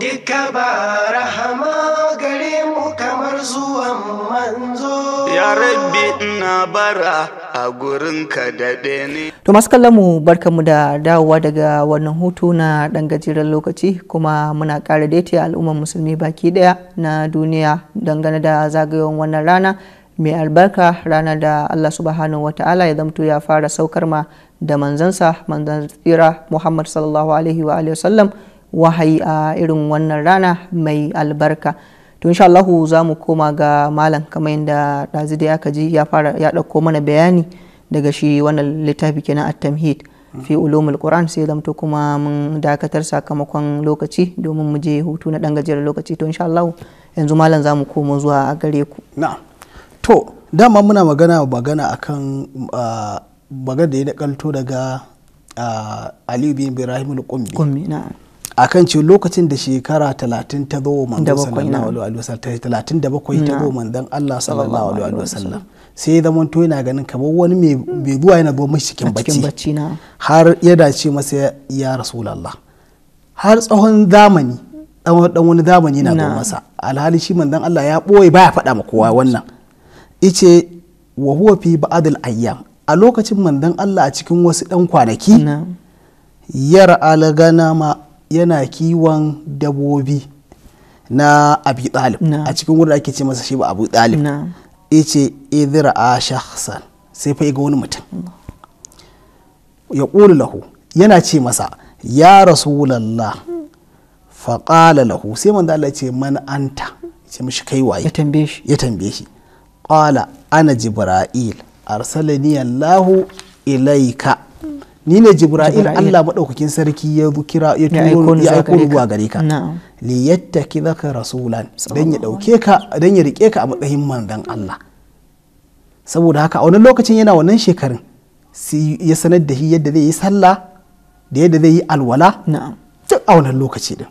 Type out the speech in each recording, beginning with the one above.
Duka ba rahama gare mu kamar zuwan manzo. Ya rabbi ina bara a gurinka daɗe ne. To masu mu da dawowa daga wannan hutu na ɗan gajeren lokaci kuma muna ƙara daita al'ummar musulmi baki ɗaya na duniya dangane da zagayowar wannan rana mai albarka ranar da Allah subhanahu wa ta'ala ya zamto ya fara saukar ma da manzansa manzan tsira Muhammad sallallahu alaihi wa wasallam wahayi a irin wannan rana mai albarka to insha Allahu za mu koma ga malam kamar yadda ɗazu da aka ji ya fara ya dauko mana bayani daga shi wannan littafi kenan at-tamhid fi ulumul qur'an sai zamto kuma mun dakatar sakamakon lokaci domin mu je hutu na dan gajeren lokaci to insha Allahu yanzu malam za mu koma zuwa gare ku na'am to dama muna magana magana akan magana da ya nakalto daga Aliyu bin Ibrahim al qumi na'am a kan ce lokacin da shekara talatin ta zo manzon talatin da bakwai ta Allah sallallahu alaihi wasallam sai ya zama to yana ganin kamar wani mai zuwa yana zuwa mashi cikin bacci har ya dace masa ya rasulullah har tsawon zamani dan wani zamani yana zuwa masa alhali shi manzon Allah ya boye ya faɗa ma kowa wannan ice wa huwa fi ba'dil ayyam a lokacin manzon Allah a cikin wasu dan kwanaki yara alagana ma yana kiwon dabobi na abi ɗalib a cikin wurin ake ce masa shi ba abu ɗalib ya ce idira a shahsan sai fa ga wani mutum ya ƙuri lahu yana ce masa ya rasulallah faƙala lahu sai man Allah ce man anta ce mishi kai waye ya tambaye shi ƙala ana jibra'il arsalani Allahu ilaika ni ne jibra'il Allah maɗaukakin sarki ya kira ya turo ya aiko ruwa gare ka li zaka rasulan dan ya dauke ka dan ya rike ka a matsayin manzon Allah saboda haka a wannan lokacin yana wannan shekarun ya sanar da shi yadda zai yi sallah da yadda zai yi alwala duk a wannan lokaci din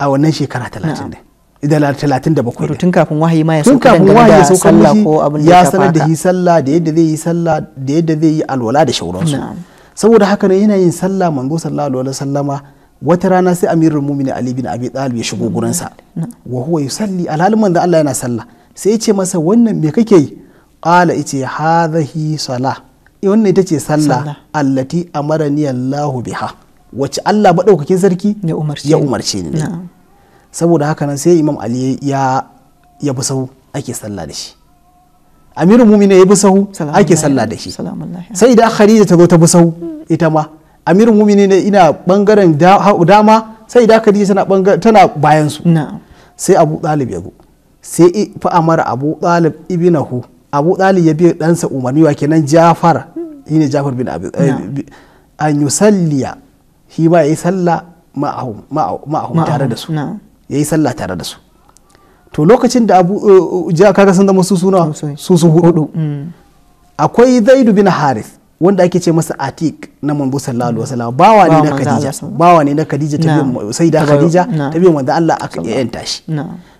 a wannan shekara talatin din da talatin da bakwai tun kafin wahayi ma ya sauka kafin ya sauka sallah ko abin da ya sanar da shi sallah da yadda zai yi sallah da yadda zai yi alwala da shauransu saboda haka ne yana yin sallah manzo sallallahu alaihi wasallama wata rana sai amirul mu'mini ali bin abi talib ya shigo sa wa huwa yusalli alhalin manzo Allah yana sallah sai ya ce masa wannan me kake yi qala ice hadhihi salah eh, wannan ita ce sallah allati amarani Allahu biha wace Allah madaukakin sarki ya umarce ni saboda haka nan sai imam ali ya ya bi ake sallah da shi amirul mu'minin ya bi sahu ake sallah da shi sai idan khadija ta zo ta bi sahu ita ma amirul mu'minin ina bangaren dama sai idan khadija tana bangaren tana bayan su sai abu talib ya zo sai fa amara abu talib ibnahu abu talib ya bi dan sa umar wa kenan jafar ne jafar bin abi eh, an yusalliya shi ma yayi sallah ma'ahu ma'ahu tare da su yayi sallah tare da su to lokacin da abu eh, eh, ja kaga sun zama su suna su su hudu mm. akwai zaidu bin harith wanda ake ce masa atik na manzo sallallahu alaihi wasallam bawa ne na khadija bawa ne na khadija ta biyan sai da khadija ta biyan manzo Allah aka yanta shi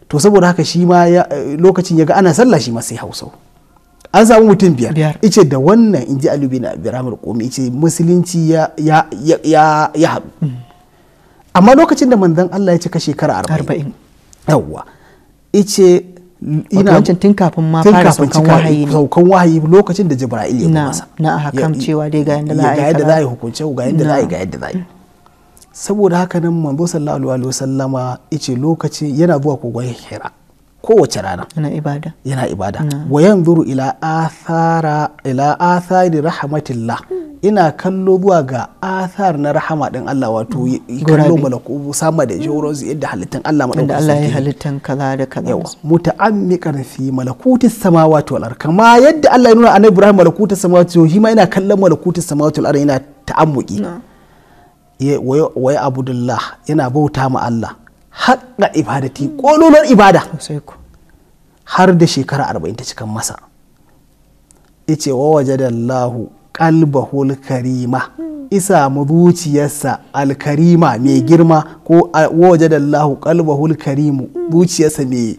to saboda haka shi ma eh, lokacin yaga ana sallah shi ma sai hausau an samu mutum biyar ice da wannan inji ji alubi na biramar komi ice musulunci ya ya ya haɗu mm. amma lokacin da manzon Allah ya cika shekara 40 yawwa ice ina wancan tun kafin ma fara saukan wahayi ne saukan wahayi lokacin da jibril ya masa na hakam cewa dai ga yanda za a yi ga yanda za a yi hukunce ga yanda za a yi ga yanda za a yi saboda haka nan manzo sallallahu alaihi wasallama ice lokaci yana zuwa kogon hira kowace rana yana ibada yana ibada wa yanzuru ila athara ila athari rahmatillah hmm. ina kallo zuwa ga athar na rahama din Allah wato mm. kallo malaku sama da mm. jauron su yadda halittan Allah madaukakin da Allah ya halittan kaza da kaza yawa muta'ammiqan fi malakuti samawati wal ard kama yadda Allah ya nuna annabi Ibrahim malakuti samawati shi ma ina kallon malakuti samawati wal ard ina ta'ammuki waya abudullah yana bauta ma Allah haƙa ibadati ƙololon ibada har da shekara arba'in ta cikin masa ice wa waje da Allahu qalbahu karima isa mu zuciyarsa alkarima mai girma ko wajadallahu qalbahu karimu zuciyarsa mai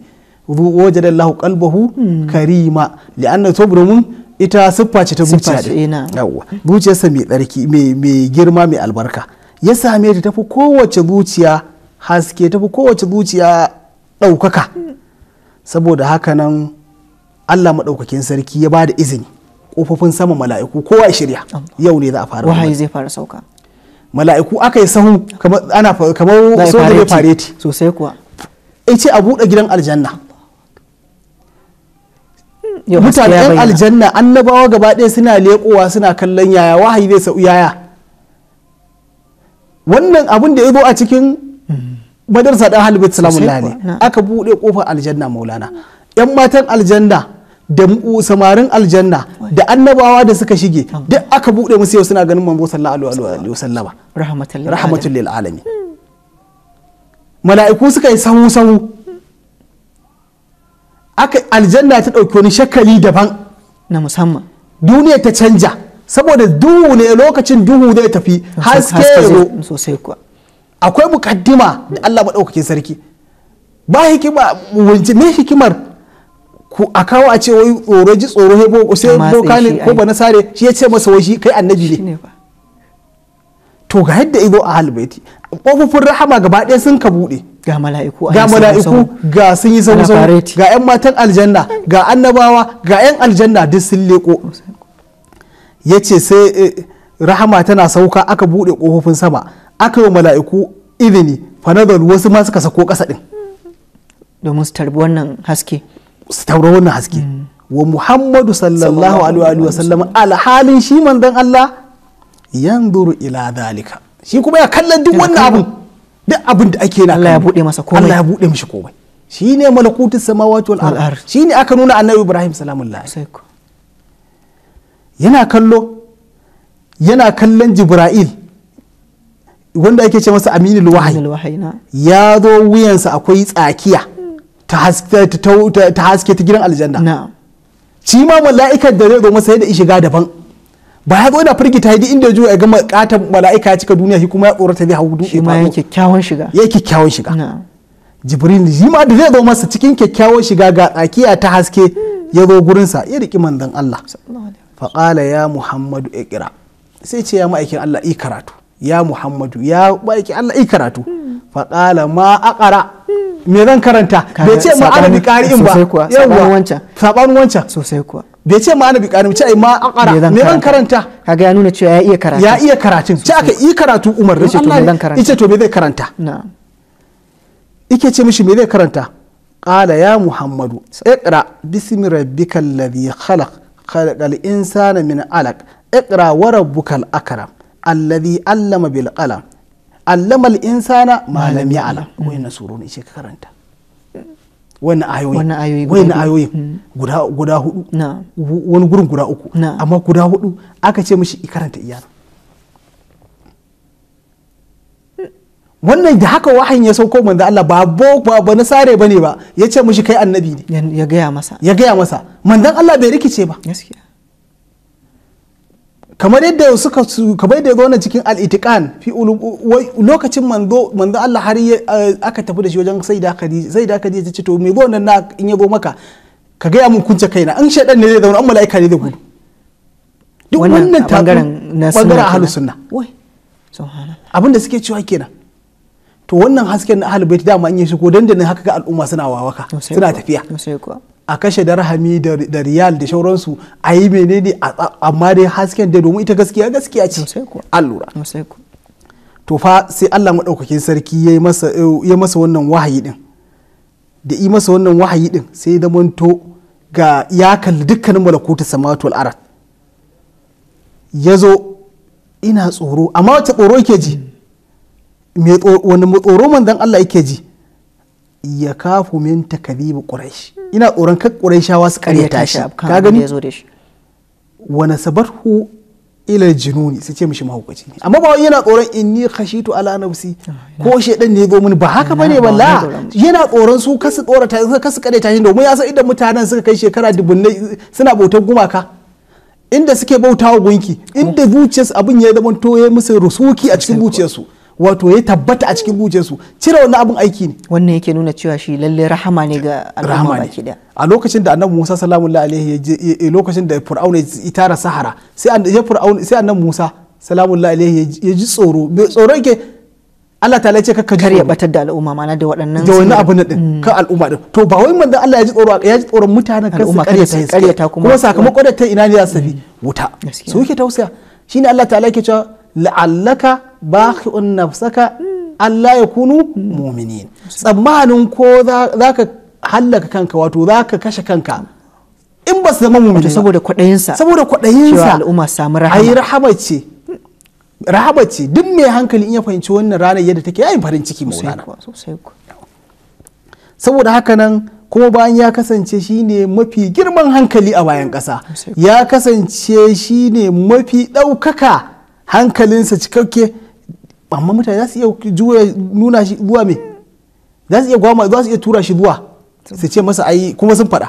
wajadallahu qalbahu karima li'anna tubrumun ita siffa ce ta zuciya eh, yawa zuciyarsa mai tsarki mai girma mai albarka ya same ta tafi kowace zuciya haske tafi kowace zuciya ɗaukaka saboda haka nan allah maɗaukakin sarki ya ba da izini kofofin sama mala'iku kowa shirya yau ne za a fara wahayi zai fara sauka mala'iku aka yi sahu ana kamar soja mai fareti sosai kuwa in ce a buɗe gidan aljanna mutanen aljanna annabawa gaba ɗaya suna leƙowa suna kallon yaya wahayi zai sau yaya wannan abin da ya zo a cikin madarsa ɗan halibut salamun ne aka buɗe ƙofar aljanna maulana 'yan matan aljanna da samarin aljanna da annabawa da suka shige duk aka bude musu yau suna ganin manzo sallallahu alaihi wasallama rahmatul lil alamin mala'iku suka yi sahu sahu aka aljanna ta ɗauki wani shakali daban na musamman duniya ta canja saboda duhu ne lokacin duhu zai tafi haske yaro sosai kuwa akwai mukaddima da Allah madaukakin sarki ba hikima me hikimar ku a kawo a ce wai tsoro ji tsoro hebo sai boka ne ko bana sare shi ya ce masa wai shi kai annabi ne to ga yadda ido a halbaiti kofofin rahama gaba ɗaya sun ka buɗe ga mala'iku ga mala'iku ga sun yi sau ga yan matan aljanna ga annabawa ga yan aljanna duk sun leko ya ce sai eh, rahama tana sauka aka buɗe kofofin sama aka yi mala'iku izini fanadol wasu ma suka sako ƙasa ɗin domin su tarbi wannan haske su taura wannan haske wa muhammadu sallallahu alaihi wa sallam alhalin shi manzon Allah yanzuru ila dalika shi kuma ya kallon duk wannan abun duk abin da ake na Allah ya bude masa komai Allah ya bude mishi komai shine malakutus samawati wal ard shine aka nuna annabi Ibrahim salamullahi yana kallo yana kallon Jibra'il wanda ake ce masa aminul wahayi ya zo wuyansa akwai tsakiya ta haske ta gidan aljanna shi ma mala'ikan da zai zo masa da shiga daban ba ya zo da firgita ya inda juya ya gama katon mala'ika ya cika duniya shi kuma ya tsorata zai hau dutse shi ma ya kyakkyawan shiga ya kyakkyawan shiga jibril shi ma da zai zo masa cikin kyakkyawan shiga ga tsakiya ta haske ya zo gurinsa ya riki manzon Allah faƙala ya muhammadu ikira sai ce ya ma'aikin Allah i karatu ya muhammadu ya ma'aikin Allah i karatu hmm. faƙala ma aƙara hmm. me zan karanta bai ce ma ana bi ƙari'in ba yawa wancan sabanin wancan sosai kuwa bai ce ma ana bi ƙari'in ce ai ma aqara me zan karanta kaga ya nuna cewa ya iya karatu ya iya karatun ce aka yi karatu Umar zan karanta ice to me zai karanta na'am ike ce mishi me zai karanta qala ya Muhammadu iqra bismi rabbikal ladhi khalaq khalaqal insana min alaq iqra wa rabbukal akram alladhi allama bil qalam allamal insana malam ya alam wayannan suro ne ce ka karanta wani ayoyi wani ayoyi hmm. guda guda hudu wani gurin guda uku amma guda hudu aka ce mishi i karanta iyana wannan da haka wahayin ya sauko manzo Allah ba ba ba sare bane ba ya ce mishi kai annabi ne ya gaya masa ya gaya masa manzo Allah bai rikice ba gaskiya kamar yadda suka kamar yadda zo na cikin al-itiqan fi lokacin manzo manzo Allah har eh, aka tafi da shi wajen sayyida Khadija sayyida Khadija ce to me zo nan na in ya zo maka ka ya mun kunce kaina an shaidan ne zai zauna an mala'ika ne zai gudu duk wannan ta bangaren ahlus sunna wai abinda suke cewa kenan to wannan hasken na ahlul bait dama an yi shigo dandanin haka ga al'umma suna wawaka suna tafiya a kashe da rahami da riyal da shauransu a yi menene amma dai hasken dai domin ita gaskiya gaskiya ce allura to fa sai Allah maɗaukakin sarki ya masa masa wannan wahayi din da yi masa wannan wahayi din sai da manto ga ya kalli dukkanin malakutu samatul arat ya zo ina tsoro amma wace tsoro yake ji wani tsoro manzon Allah yake ji ya kafu min takadibu ƙurashi ina tsoron kak shawa su karyata shi ka gani wani hu ila jinuni su ce mishi mahaukaci ne amma ba wai yana tsoron inni khashitu ala nafsi ah, ko shedan ne zo mini ba haka bane balla yana tsoron su kasu tsorata su kasu karyata shi domin ya san idan mutanen suka kai shekara dubunnai suna bautar gumaka inda suke bautawa gunki inda zuciyarsu abin ya zama to ya musu rusuki a cikin zuciyarsu wato ya tabbata a cikin bujensu. cire wannan abin aiki ne wannan yake nuna cewa shi lalle rahama ne ga al'umma baki da a lokacin da annabi Musa sallallahu alaihi lokacin da Fir'auna ya tara sahara sai annabi Musa sallallahu alaihi ya ji tsoro tsoro yake Allah ta ce kakka ji ya batar da al'umma mana da waɗannan da wani abu na din mm. kan al'umma din to ba wai manzon Allah ya ji tsoro ya ji tsoron mutanen kan ta kare ta kuma kuma sakamakon da ta ina ne za su bi mm. wuta so yake tausaya shine Allah ta ke cewa la'allaka bakhi'un nafsaka Allah ya kunu muminin tsammanin ko za ka hallaka kanka wato za ka kashe kanka in ba su zama mumini saboda kwadayinsa saboda kwaɗayinsa al'umma samu rahama ayi rahama ce rahama ce duk mai hankali in ya fahimci wannan ranar yadda take yayin farin ciki maulana saboda haka nan kuma bayan ya kasance shi ne mafi girman hankali a bayan ƙasa ya kasance shi ne mafi ɗaukaka hankalinsa cikakke amma mutane za su iya juya nuna shi zuwa me za su iya gwama za su iya tura shi zuwa su ce masa ai kuma sun faɗa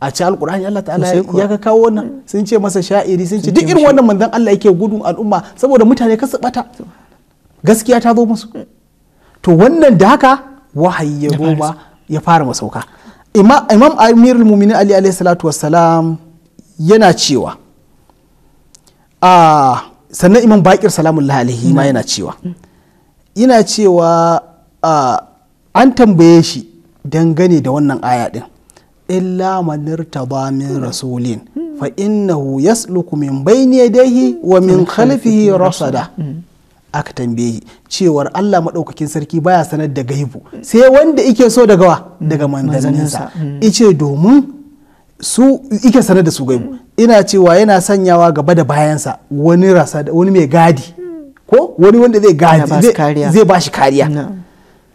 a ci alkur'ani Allah ta'ala ya ka kawo wannan sun ce masa sha'iri sun ce duk irin wannan manzon Allah yake gudun al'umma saboda mutane ka su bata gaskiya ta zo musu to wannan da haka wahayi ya goma ya fara masauka imam amirul muminin ali alaihi salatu wassalam yana cewa a ah, sannan imam bakir salamullahi alaihi ma mm. yana cewa yana cewa an tambaye shi dangane da wannan aya din illa manirta ba min mm. rasulin mm. fa innahu yasluku min bayni yadayhi wa min khalfihi rasada aka tambaye cewar Allah maɗaukakin sarki baya sanar da gaibu sai wanda ike so daga wa daga manzanninsa ice domin su ike sanar da su mu ina cewa yana sanyawa gaba da bayansa wani rasa wani mai gadi ko wani wanda zai gadi zai ba shi kariya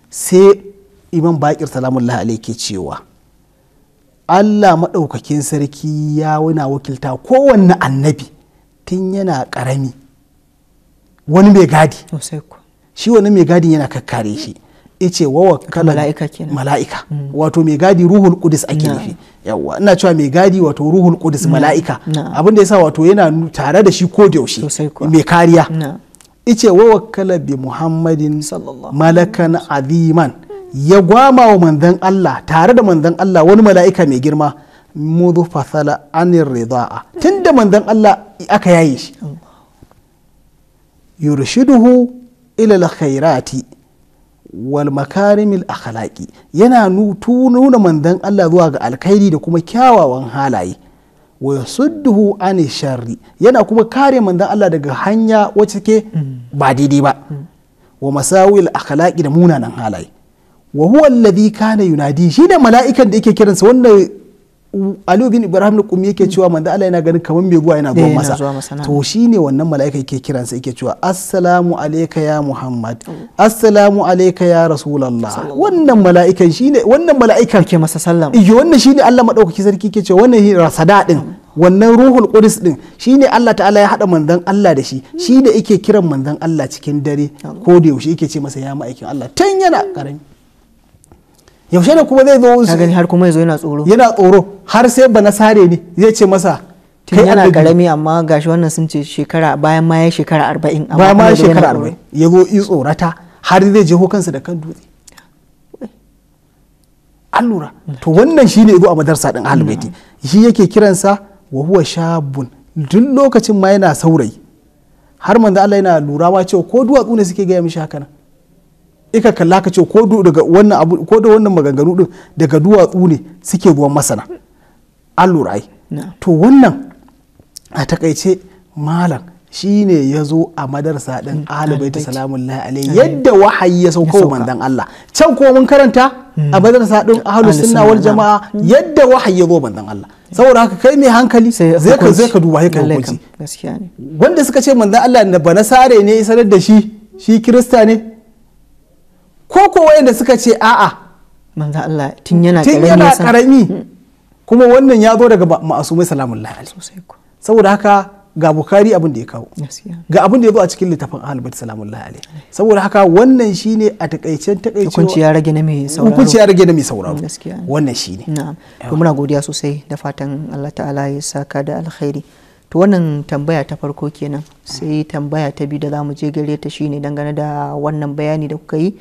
sai imam bakir salamun alaihi ke cewa Allah maɗaukakin sarki ya wuna wakilta kowanne annabi tun yana ƙarami wani mai gadi shi wani mai gadi yana kakkare shi yace wa wakkalan mala'ika mala'ika hmm. wato mai gadi ruhul qudus ake nufi yawa ina cewa mai gadi wato ruhul qudus mala'ika abin da yasa wato yana tare da shi ko da yaushe mai kariya ice wa wakkala bi muhammadin malakan aziman ya gwama wa manzon Allah tare da manzon Allah wani mala'ika mai girma mudu fasala anir rida'a tunda manzon Allah aka yaye shi yurshiduhu ila alkhairati wal makarimil akhlaqi yana nuna mandan Allah zuwa ga alkhairi da kuma kyawawan halaye wa yasudduhu an sharri yana kuma kare mandan Allah daga hanya wacce ke ba daidai ba wa masawil akhlaqi da munanan halaye wa huwa alladhi kana yunadi shi da mala'ikan da yake kiransa wanda Aliyu bin Ibrahim na Qumi yake cewa manzo Allah yana ganin kamar mai guwa yana zuwa eh, masa to shine wannan mala'ika yake kiransa yake cewa assalamu alayka ya Muhammad oh. assalamu alayka ya Rasulullah wannan mala'ikan shine wannan mala'ika ke masa sallama iyo wannan shine Allah madaukaki sarki yake cewa wannan rasada din wannan ruhul qudus din shine Allah ta'ala ya hada manzon Allah da shi shine yake kiran manzon Allah cikin dare ko da yaushe yake ce masa ya ma'aikin Allah tun yana karami yaushe ne kuma zai zo ka gani har kuma yazo yana tsoro yana tsoro har sai ba sare ne zai ce masa kai yana karami amma gashi wannan sun ce shekara bayan ma ya shekara arba'in bayan ma ya shekara arba'in ya zo yi tsorata har zai je kansa da kan dutse an lura to wannan shine zo a madarsa din ahlul shi yake kiransa wa huwa shabun duk lokacin ma yana saurayi har manzo Allah yana lura ma cewa ko duwatsu ne suke gaya mishi haka nan ika kalla ka ce ko daga wannan da wannan maganganu din daga duwatsu ne suke ruwan masana an lura ai to wannan a takaice malam ne ya zo a madarsa ɗin mm, alibaita salamun la'alai yadda wahayi ya sauka wa mandan Allah can ko mun karanta a mm. madarsa ɗin ahlus sunna wal jama'a mm. yadda wahayi ya zo mandan Allah saboda haka kai mai hankali zai ka zai ka duba kai hukunci wanda suka ce mandan Allah na bana sare ne sanar da shi shi kirista ne ko ko wayanda suka ce a'a manzo Allah tun yana tun yana karami mm. kuma wannan ya zo daga ma'asumai salamullahi alaihi saboda haka ga bukari abin da ya kawo ga abin da ya zo a cikin littafin ahalbat salamullahi alaihi saboda haka wannan shine a takaicen takaicewa hukunci ya rage na mai sauraro hukunci ya rage na mai sauraro wannan shine to muna godiya sosai da fatan Allah ta'ala ya saka da alkhairi to wannan tambaya ta farko kenan sai tambaya ta biyu da zamu je gare ta shine dangane da wannan bayani da kuka yi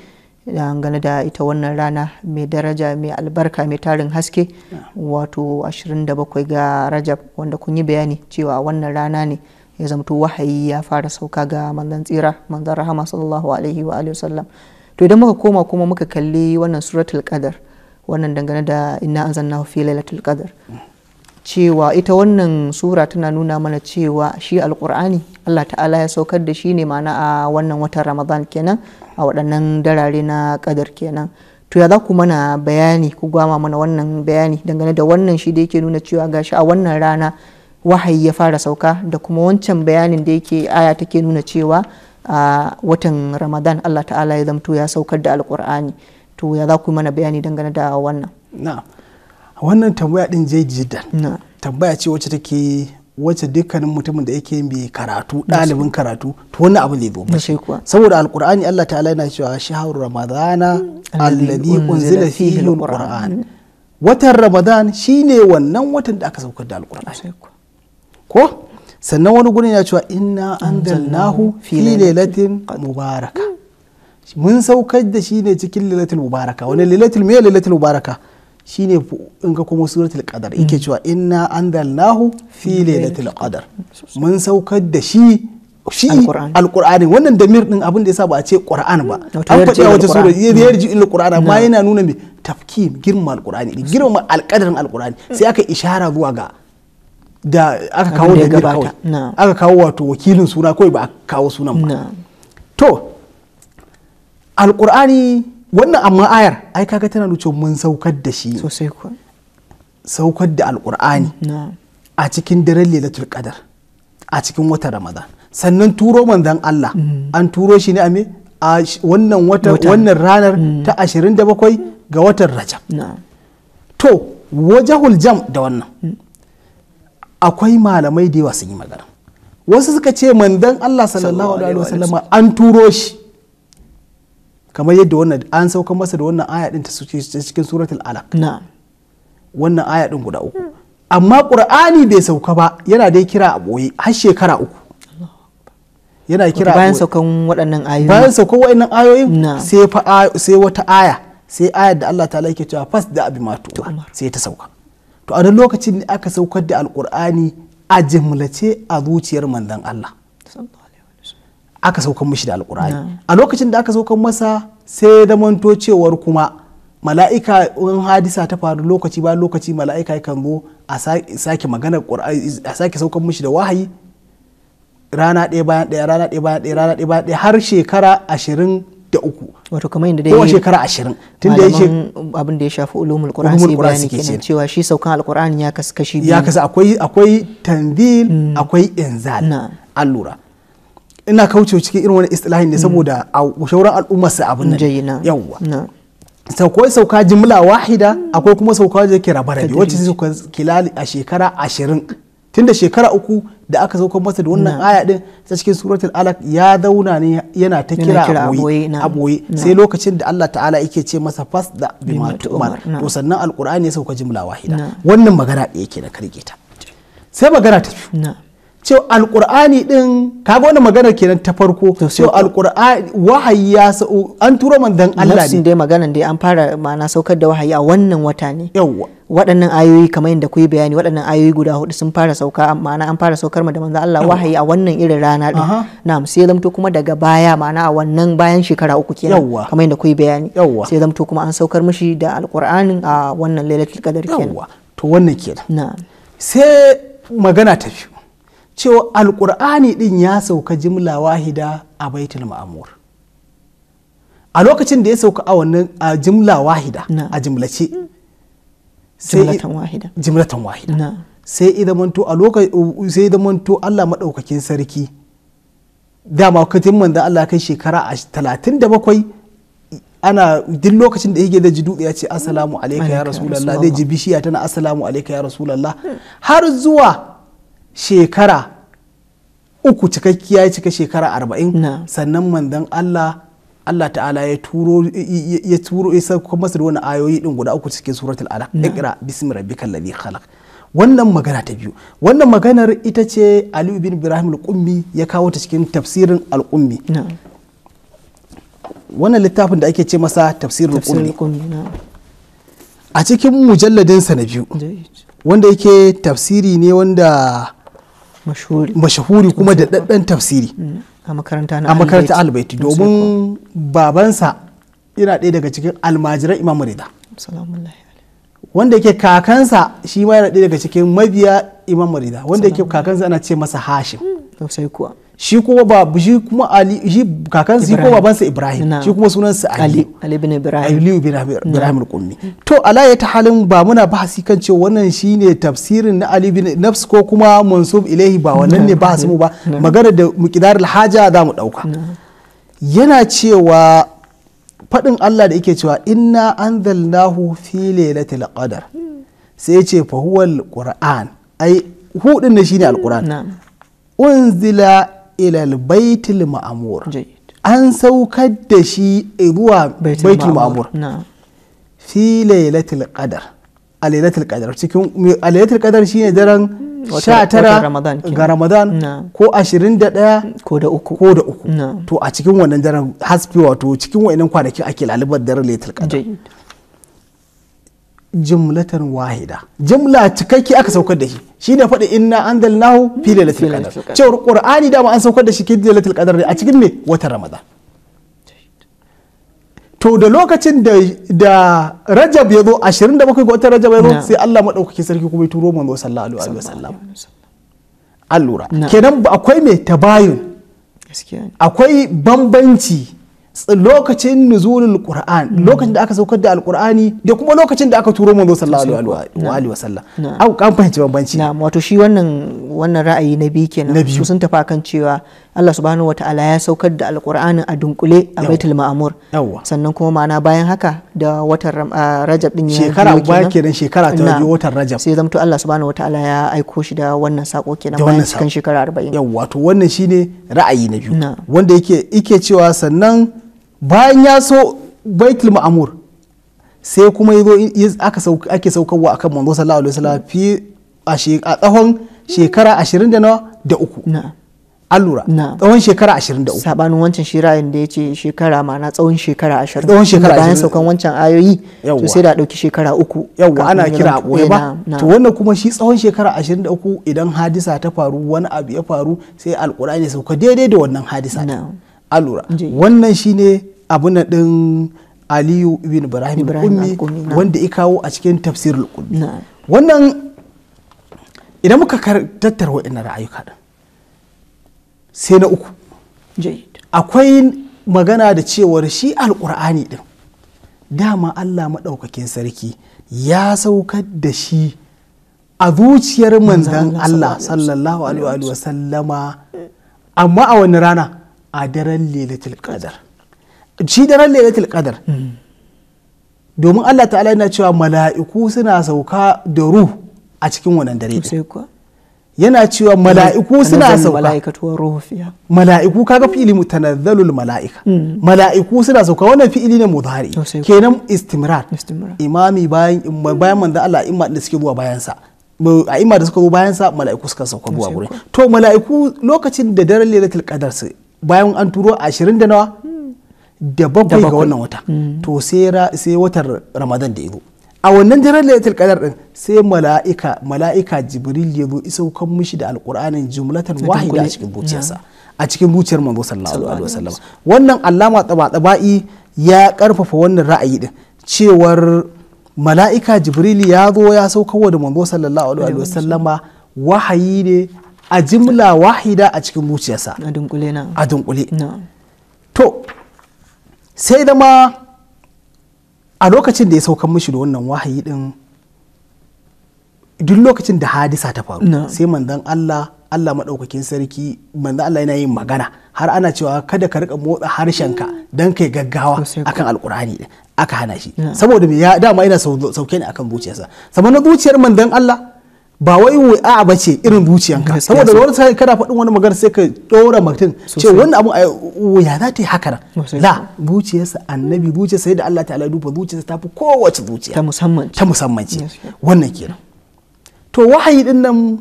dangane da ita wannan rana mai daraja mai albarka mai tarin haske wato 27 ga rajab wanda kun yi bayani cewa wannan rana ne ya zamto wahayi ya fara sauka ga manzan tsira manzan rahama sallallahu alaihi wa sallam to idan muka koma kuma muka kalli wannan suratul qadar wannan dangane da inna zanna fi lailatul qadar cewa ita wannan sura tana nuna mana cewa shi alkur'ani allah ta'ala ya saukar da shi ne ma'ana a wannan watan ramadan kenan a waɗannan darare na ƙadar kenan to ya za ku mana bayani ku gwama mana wannan bayani dangane da wannan shi da yake nuna cewa gashi a wannan rana wahayi ya fara sauka da kuma wancan bayanin da yake aya take nuna cewa a watan ramadan allah ta'ala ya zamto ya saukar da alkur'ani to ya za ku mana bayani dangane da wannan na wannan tambaya din jiddan tambaya ce wacce take wacce dukkanin mutumin da yake mai karatu ɗalibin karatu to wani abu ne zo saboda alkur'ani Allah ta'ala yana cewa shahru ramadana alladhi unzila fihi alquran watan ramadan shine wannan watan da aka saukar da alkur'ani ko sannan wani gurin ya cewa inna anzalnahu fi lailatin mubaraka mun saukar da shi ne cikin lailatul mubaraka wani lailatul me lailatul mubaraka shine in ka kuma suratul qadar yake mm. cewa inna andalnahu fi lailatul qadar mun saukar da shi shi alqur'ani wannan damir din abin da yasa ba a ce qur'an ba an faɗi wata sura yarji ilal qur'an ma yana nuna me tafkim girma alqur'ani girma alqadarin alqur'ani mm. sai aka ishara zuwa ga da aka kawo da kawai aka kawo wato wakilin suna kawai ba a kawo sunan ba to alqur'ani wannan amma ayar ai kaga tana nuna mun saukar da shi sosai ko saukar da alkur'ani a cikin daren lailatul qadar a cikin watan ramadan sannan turo manzon Allah mm. an turo shi ne a me wannan wata wannan ranar mm. ta 27 ga watan rajab to wajahul jam da wannan mm. akwai malamai da yawa sun yi magana wasu suka ce manzon Allah sallallahu alaihi wasallama an turo shi kamar yadda wannan an sauka masa da wannan aya din ta cikin suratul alaq wannan aya din guda uku amma qur'ani bai sauka ba yana dai kira a boye har shekara uku yana kira bayan saukan waɗannan ayoyi bayan saukan waɗannan ayoyin sai fa sai wata aya sai ayar da Allah ta'ala yake cewa fas da abi matu sai ta sauka to a lokacin ne aka saukar da alqur'ani a jimlace a zuciyar manzon Allah aka saukan mishi da alkur'ani a lokacin da aka saukan masa sai zamanto cewar kuma mala'ika in hadisa ta faru lokaci ba lokaci mala'ika kan zo a sake magana a sake saukan mishi da wahayi rana ɗaya bayan ɗaya rana ɗaya bayan ɗaya rana ɗaya bayan ɗaya har shekara ashirin da uku wato kamar yadda dai shekara ashirin tun da yake abin da ya shafi ulumul qur'an sai bayani kenan cewa shi saukan alqur'ani ya kasu kashi biyu ya kasu akwai akwai tanzil hmm. akwai inzal allura ina kauce cikin irin wani istilahin ne mm. saboda a shauran al'ummar sa abin nan yawwa sauko sauka jimla wahida akwai kuma sauka da ke rabara rabi wacce suka kilali a shekara ashirin tunda shekara uku da aka sauka masa da wannan aya din ta cikin suratul alaq ya zauna ne yana ta kira aboye sai lokacin da Allah ta'ala yake ce masa fas da bima tu'mar to sannan alqur'ani ya sauka jimla wahida wannan magana ɗaya ke da karge ta sai magana ta cewa alkur'ani din kaga wani magana kenan ta farko cewa alkur'ani wahayi ya an turo dan Allah ne dai magana dai an fara ma'ana saukar da wahayi a wannan wata ne yawa waɗannan ayoyi kamar yadda kuyi bayani waɗannan ayoyi guda hudu sun fara sauka ma'ana an fara saukar ma da manzo Allah wahayi a wannan irin rana din na'am sai zamto kuma daga baya ma'ana a wannan bayan shekara uku kenan kamar yadda kuyi bayani sai zamto kuma an saukar mishi da alkur'anin a wannan lailatul qadar kenan to wannan kenan na'am sai magana ta fi cewa alkur'ani din ya sauka jimla wahida a baitul ma'amur a lokacin da ya sauka a wannan a jimla wahida a jimlace hmm. jimlatan wahida sai idamanto a lokacin sai idamanto Allah madaukakin sarki dama kutin manzo Allah kai shekara 37 ana duk lokacin da yake da jidu ya ce assalamu alaikum ya rasulullah zai ji bishiya tana assalamu alaikum ya rasulullah hmm. har zuwa shekara uku cikakkiya ya cika shekara arba'in sannan mandan Allah Allah ta'ala ya turo ya turo ya sauko masa da wani ayoyi din guda uku cikin suratul alaq iqra bismi rabbikal ladhi khalaq wannan magana ta biyu wannan maganar ita ce Ali bin Ibrahim al-Qummi ya kawo ta cikin tafsirin al-Qummi wannan littafin da ake ce masa tafsirin al-Qummi a cikin mujalladin sa na biyu wanda yake tafsiri ne wanda mashahuri kuma da ɗanɗan tafsiri mm. a makaranta albaiti domin babansa yana ɗaya daga cikin almajiran imam rida wanda yake kakansa shi ma yana ɗaya daga cikin mabiya imam rida wanda yake kakansa ana ce masa hashim shi kuma ba shi kuma ali shi kakan shi kuma babansa ibrahim shi kuma sunansa ali ali bin ibrahim ali bin ibrahim al to ala ya ta halin ba muna bahasi kan cewa wannan shine tafsirin na ali bin nafs ko kuma mansub ilaihi ba wannan ne bahasi mu ba magana da muqdar al-haja za mu dauka yana cewa fadin Allah da yake cewa inna anzalnahu fi lailatul qadar sai ya ce fa huwa al-qur'an ai hudin ne shine al-qur'an unzila ilal baitul ma'amur an saukar da shi zuwa baitul ma'amur fi lailatul qadar a lailatul qadar cikin a lailatul qadar shine daren 19 ga ramadan ko 21 ko da uku ko da uku to a cikin wannan daren hasbi wato cikin wannan kwanakin ake lalibar daren lailatul qadar jumlatan wahida jumla cikakke aka saukar da shi shine faɗi inna anzalnahu fi lailatul qadr cewar qur'ani dama an saukar da shi fi lailatul qadr a cikin ne wata ramadan to da lokacin da rajab ya zo 27 ga watan rajab ya zo sai Allah madaukake sarki kuma ya turo manzo sallallahu alaihi wasallam allura kenan akwai mai tabayun akwai bambanci lokacin nuzulul qur'an hmm. lokacin da aka saukar da alqur'ani da kuma lokacin da aka turo manzo sallallahu alaihi wa sallam au kan fahimci bambanci na wato shi wannan wannan ra'ayi na biyu kenan su sun tafi kan cewa Allah subhanahu wataala ya saukar da alqur'anin a dunkule a baitul ma'mur sannan kuma ma'ana bayan haka da watan ah, rajab din ya shekara ba kenan shekara ta biyu watan rajab sai zamto Allah subhanahu wataala ya aiko shi da wannan sako kenan bayan cikin shekara 40 yawa to wannan shine ra'ayi na biyu wanda yake yake cewa sannan bayan ya so baitul ma'amur sai kuma yazo aka ake saukarwa akan manzo sallallahu alaihi wasallam fi a tsawon shekara 20 da nawa da uku allura tsawon shekara da uku sabanin wancan shirayin da ya ce shekara ma'ana tsawon shekara 20 tsawon shekara bayan saukan wancan ayoyi to sai da dauki shekara uku yawwa ana kira boye ba eh, to wannan kuma shi tsawon shekara 23 idan hadisa ta faru wani abu ya faru sai alkur'ani sauka daidai da wannan hadisa alura wannan shine abu na din aliyu ibn ibrahim al-ummi wanda ya kawo a cikin tafsir al-ummi wannan idan muka tattara ina ra'ayuka din sai na uku akwai magana da cewar shi alƙur'ani din dama allah maɗaukakin sarki ya saukar da shi a zuciyar manzan allah sallallahu alaihi wa sallama amma a wani rana a daren lailatul qadar shi daren lailatul qadar domin Allah ta'ala yana cewa mala'iku suna sauka da ruh a cikin wannan dare yana cewa mala'iku suna sauka mala'iku kaga fi'ili mutanazzalul mala'ika hmm. mala'iku suna sauka wannan fi'ili ne mudhari kenan istimrar imami bayan bayan manzo Allah imma da suke zuwa bayan sa a imma da suka zo bayan sa mala'iku suka sauka buwa gurin to mala'iku lokacin da daren lailatul qadar su bayan an turo ashirin da nawa da bakwai ga wannan wata mm. to sai watan ramadan da ya zo a wannan daren lailatul kadar din sai mala'ika mala'ika jibril ya zo isaukan mishi da alqur'anin jumlatan wahida a cikin zuciyarsa mm. a cikin zuciyar manzo sallallahu alaihi wasallam wannan allama tsaba-tsaba'i ya karfafa wannan ra'ayi din cewar mala'ika jibril ya zo ya sauka wa da manzo sallallahu alaihi wasallama wahayi ne a jimla wahida a cikin zuciyarsa a dunkule na a dunkule to sai da ma a lokacin da ya sauka mishi da wannan wahayi din duk lokacin da hadisa ta faru sai manzon Allah Allah maɗaukakin sarki manzon Allah yana yin magana har ana cewa kada ka rika motsa harshen ka dan kai gaggawa akan alkur'ani aka hana shi saboda me ya dama ina sauke ne akan zuciyarsa saboda zuciyar manzon Allah ba wai wa'a ba ce irin zuciyanka saboda wani sai kana faɗin wani magana sai ka ɗora mutum ce wannan abu ya za ta yi haka nan la zuciyarsa annabi zuciyarsa sai da Allah ta'ala duba zuciyarsa ta fi kowace zuciya ta musamman ta musamman ce wannan kenan to wahayi din nan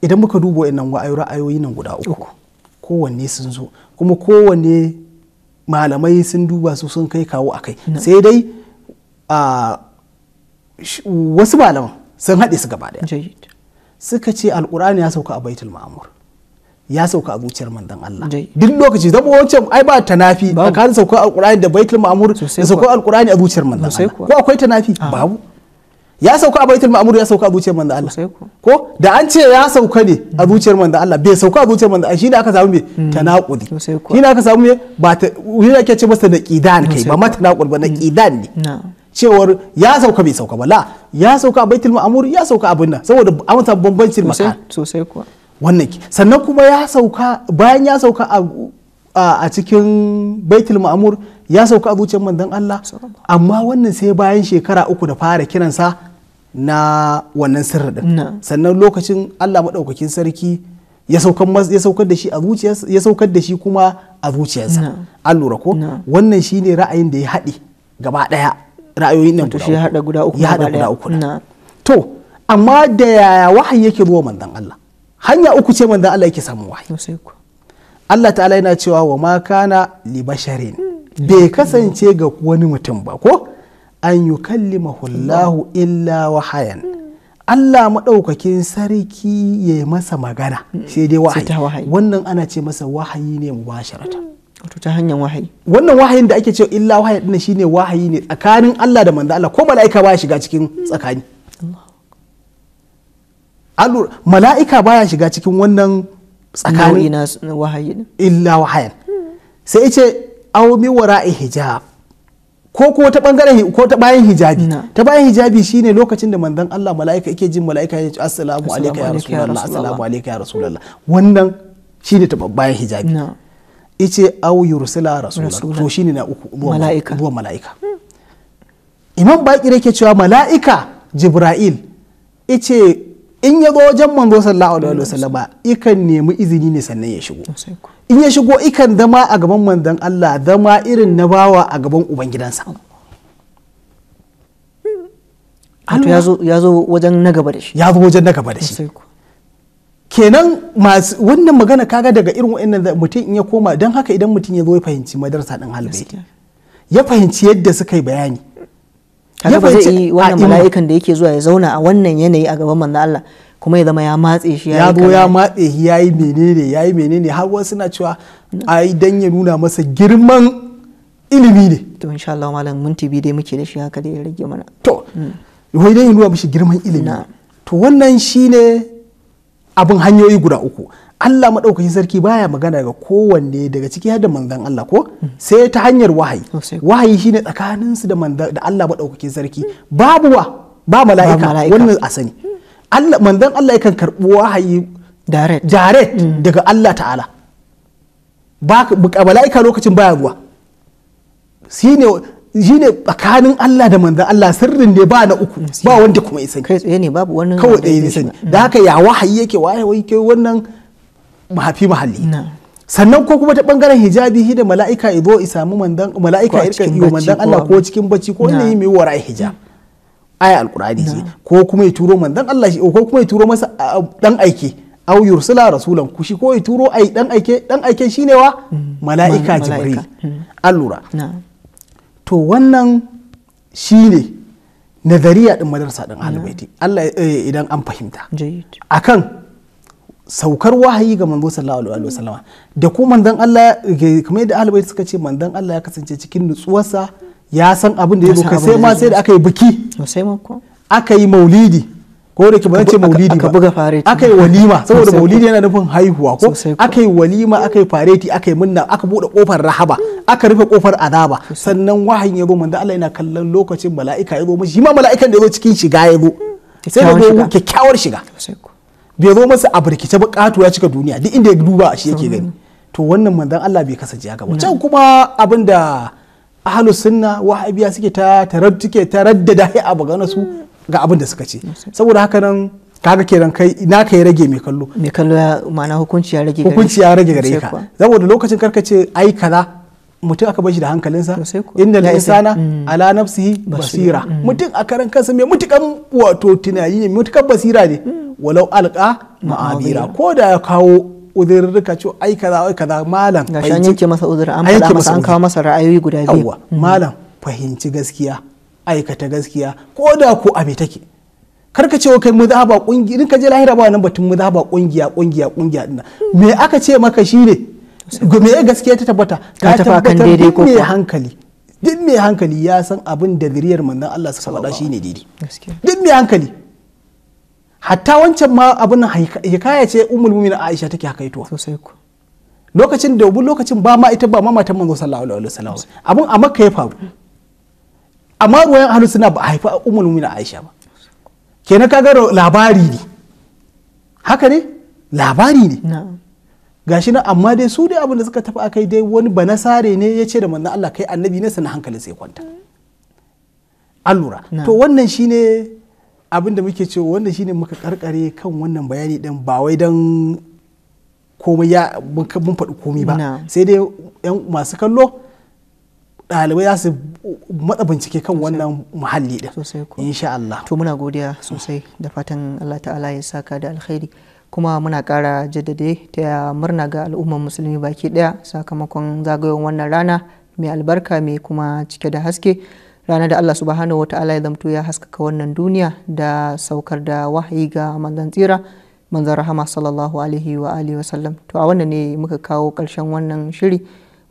idan muka duba wa'annan wa'ayoyi ra'ayoyi nan guda uku kowanne sun zo kuma kowanne malamai sun duba su sun kai kawo akai sai dai wasu malaman sun haɗe su gaba ɗaya suka ce alkur'ani ya sauka a baitul ma'amur ya sauka a zuciyar mandan Allah duk lokaci zama wancan ai ba tanafi tsakanin sauka alkur'ani da baitul ma'amur da sauka alkur'ani a zuciyar mandan Allah ko akwai tanafi ah. babu ya sauka a baitul ma'amur ya sauka a zuciyar mandan Allah ko da an ce ya sauka ne a zuciyar mandan Allah bai sauka a zuciyar mandan Allah shine aka samu me hmm. tanaqudi shine aka samu me ba ta wani ake ce masa da kai ba ma naƙudi ba na ne ne cewar ya sauka bai sauka ba la ya sauka a baitul ma'amur ya sauka abin nan saboda amsa bambancin maka sosai kuwa wannan sannan kuma ya sauka bayan ya sauka a cikin baitul ma'amur ya sauka a zuciyar manzon Allah amma wannan sai bayan shekara uku da fara kiransa na wannan sirri din sannan lokacin Allah madaukakin sarki ya saukar da shi a zuciyarsa ya saukar da shi kuma a zuciyarsa an lura ko wannan shine ra'ayin da ya haɗe gaba ɗaya ra'ayoyin nan guda ya guda uku ya hada guda uku to amma da yaya wahayi yake zuwa manzon Allah hanya uku ce manzon Allah yake samu wahayi Allah ta'ala yana cewa wa ma kana li basharin bai kasance ga wani mutum ba ko an yi kalli mahullahu illa wahayan Allah maɗaukakin sarki ya masa magana mm. sai dai wahayi wannan ana ce masa wahayi ne mubasharata wato ta hanyar wahayi wannan wahayin da ake cewa illa wahayi din shine wahayi ne tsakanin Allah da manzo Allah ko mala'ika baya shiga cikin tsakani mala'ika baya shiga cikin wannan tsakanin wahayi illa wahayin sai ce mi wara'i hijab ko ko ta bangaren ko ta bayan hijabi ta bayan hijabi shine lokacin da manzon Allah mala'ika yake jin mala'ika ya assalamu alayka ya rasulullah assalamu alayka ya rasulullah wannan shine ta bayan hijabi ice au yursila rasula to shine na uku ruwan mala'ika mala'ika imam baki yake cewa mala'ika jibril ice in ya zo wajen manzo sallallahu alaihi wasallama ikan nemi izini ne sannan ya shigo in ya shigo ikan zama a gaban manzon Allah zama irin na bawa a gaban ubangidansa ya zo wajen na gaba da shi ya zo wajen na gaba da shi kenan masu wannan magana kaga daga irin wa'annan da mutum in ya koma don haka idan mutum ya zo ya fahimci madarsa din halbaiti ya fahimci yadda suka yi bayani ya fahimci zai yi wannan mala'ikan da yake zuwa ya zauna a wannan yanayi a gaban manzo Allah kuma ya zama ya matse shi ya zo ya matse shi yayi menene yayi menene har wasu suna cewa ai dan ya nuna masa girman ilimi ne to insha Allah malam minti biyu dai muke da shi haka dai ya rage mana to mm. wai dan ya nuna mishi girman ilimi to wannan shine abin hanyoyi guda uku Allah maɗaukakin sarki baya magana ga kowanne daga ciki har da manzon Allah ko sai ta hanyar wahayi oh, wahayi shine tsakaninsu da manzon da Allah maɗaukakin sarki babu wa ba mala'ika wannan a sani Allah manzon Allah yakan karɓi wahayi direct mm. daga Allah ta'ala ba mala'ika lokacin baya ruwa shine shi ne tsakanin Allah da manzan Allah sirrin ne ba na uku ba wanda kuma ya sani kai tsaye ne babu wani kawai ɗaya ne sani da haka ya wahayi yake wahayi ke wannan mahafi mahalli sannan ko kuma ta bangaren hijabi shi da mala'ika zo i samu manzan mala'ika ya rika iyo manzan Allah ko cikin bacci ko wani yi mai warai hijab aya alqur'ani ce ko kuma ya turo manzan Allah shi ko kuma ya turo masa dan aike Au yursila rasulan kushi ko ya turo ai dan aike dan aike shine wa mm. mala'ika jibril mm. allura to wannan shi ne nazariya din madarsa din alibaiti Allah eh, idan an fahimta akan saukar wahayi ga manzo sallallahu alaihi wasallama da ko manzon Allah eh, kamar yadda alibaiti suka ce manzon Allah ya kasance cikin nutsuwarsa ya san abin da ya zo sai ma sai da aka yi biki aka yi maulidi ko da ke ba ce maulidi ba aka yi walima saboda maulidi yana nufin haihuwa ko aka yi walima aka yi fareti aka yi munna aka bude kofar rahaba aka rufe kofar azaba sannan wahayin ya zo manzo Allah yana kallon lokacin mala'ika ya zo mishi ma mala'ikan da ya zo cikin shiga ya zo sai da zo kyakkyawar shiga bai zo masa a birkice ba katu ya cika duniya duk inda ya duba shi yake gani to wannan manzon Allah bai kasance haka ba can kuma abinda ahlus sunna wahabiya suke ta taraddada a ga su ga abin da suka ce saboda haka nan kaga kenan kai na kai rage mai kallo mai kallo ya ma'ana hukunci ya rage hukunci ya rage gare ka saboda lokacin karka ce ai kaza mutum aka bashi da hankalinsa inda na isana ala nafsihi basira mm. mutum a karan kansa mai mutukan wato tunani ne mutukan basira ne mm. walau alqa ma'abira ko da ya kawo uzurrika ce ai kaza ai kaza malam ga shi an yanke masa uzuri an faɗa masa an kawo masa ra'ayoyi guda biyu mm. malam fahimci gaskiya aikata gaskiya ko da ko a me take karka ce kai ba kungiya in ka je lahira ba nan batun muzaba kungiya kungiya kungiya din me aka ce maka shine me gaskiya ta tabbata ta tabbatar kan daidai hankali duk mai hankali ya san abin da zuriyar manzon Allah suka faɗa shine daidai duk mai hankali hatta wancan ma abin hikaya ce ummul mu'minin Aisha take hakaituwa sosai ku lokacin da lokacin ba ma ita ba ma matan manzo sallallahu alaihi wasallam Abun a makka ya faru amma ruwayan ahlus sunna ba a haifi ummul mu'minin aisha ba kenan kaga labari ne haka ne labari ne gashi nan amma dai su dai abin da suka tafi akai dai wani ba na sare ne ya ce da manzon Allah kai annabi ne sannan hankali sai kwanta allura to wannan shine abin da muke cewa wannan shine muka karkare kan wannan bayani din ba wai dan komai ya mun faɗi komai ba sai dai yan masu kallo dalibai za su matsa bincike kan wannan muhalli da insha Allah to muna godiya sosai da fatan Allah ta'ala ya saka da alkhairi kuma muna kara jaddade ta murna ga al'umman musulmi baki daya sakamakon zagayon wannan rana mai albarka mai kuma cike da haske rana da Allah subhanahu wa ta'ala ya zamto ya haskaka wannan duniya da saukar da wahayi ga manzan tsira manzan rahama sallallahu alaihi wa alihi sallam to a wannan ne muka kawo karshen wannan shiri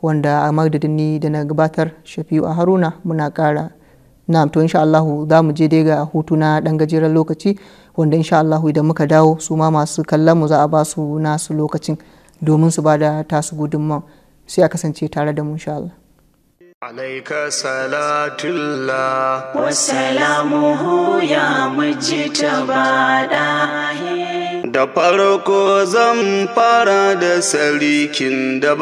wanda a madadin ni da na gabatar shafi'u a haruna muna kara na to insha Allah za mu je dai ga hutu na dan gajeren lokaci wanda insha Allah idan muka dawo su ma masu kallon mu za a ba su nasu lokacin domin su ba da tasu gudunmawa sai a kasance tare da mu insha Allah عليك صلاة الله يا مجتبى da farko zan fara da da